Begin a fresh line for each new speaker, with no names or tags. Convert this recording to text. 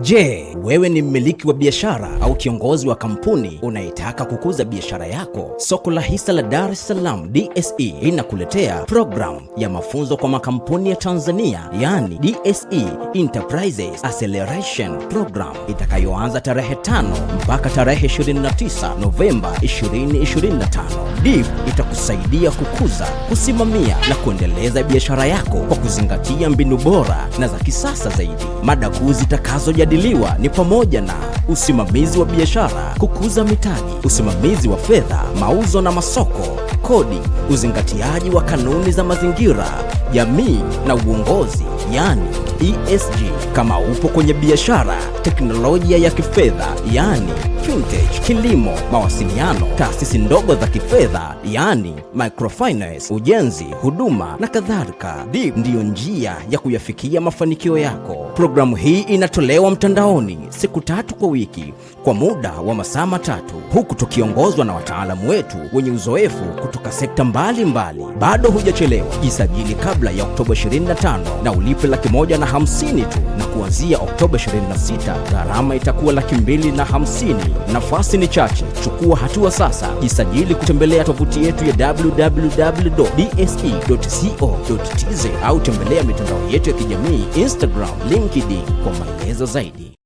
Je, wewe ni mmiliki wa biashara au kiongozi wa kampuni unayetaka kukuza biashara yako? Soko la hisa la Dar es Salaam DSE inakuletea programu ya mafunzo kwa makampuni ya Tanzania, yaani DSE Enterprises Acceleration Program itakayoanza tarehe 5 mpaka tarehe 29 Novemba 2025. DEAP itakusaidia kukuza, kusimamia na kuendeleza biashara yako kwa kuzingatia mbinu bora na za kisasa zaidi. Mada kuu zitakazo yanayojadiliwa ni pamoja na usimamizi wa biashara, kukuza mitaji, usimamizi wa fedha, mauzo na masoko, kodi, uzingatiaji wa kanuni za mazingira, jamii na uongozi, yani ESG. Kama upo kwenye biashara, teknolojia ya kifedha, yani fintech kilimo, mawasiliano, taasisi ndogo za kifedha yaani microfinance, ujenzi, huduma na kadhalika. DIP ndiyo njia ya kuyafikia mafanikio yako. Programu hii inatolewa mtandaoni siku tatu kwa wiki kwa muda wa masaa matatu, huku tukiongozwa na wataalamu wetu wenye uzoefu kutoka sekta mbalimbali mbali. Bado hujachelewa, jisajili kabla ya Oktoba 25 na ulipe laki moja na hamsini tu, na kuanzia Oktoba 26 gharama itakuwa laki mbili na hamsini nafasi Nafasi ni chache, chukua hatua sasa. Jisajili kutembelea tovuti yetu ya www.dse.co.tz au tembelea mitandao yetu ya kijamii Instagram, LinkedIn kwa maelezo zaidi.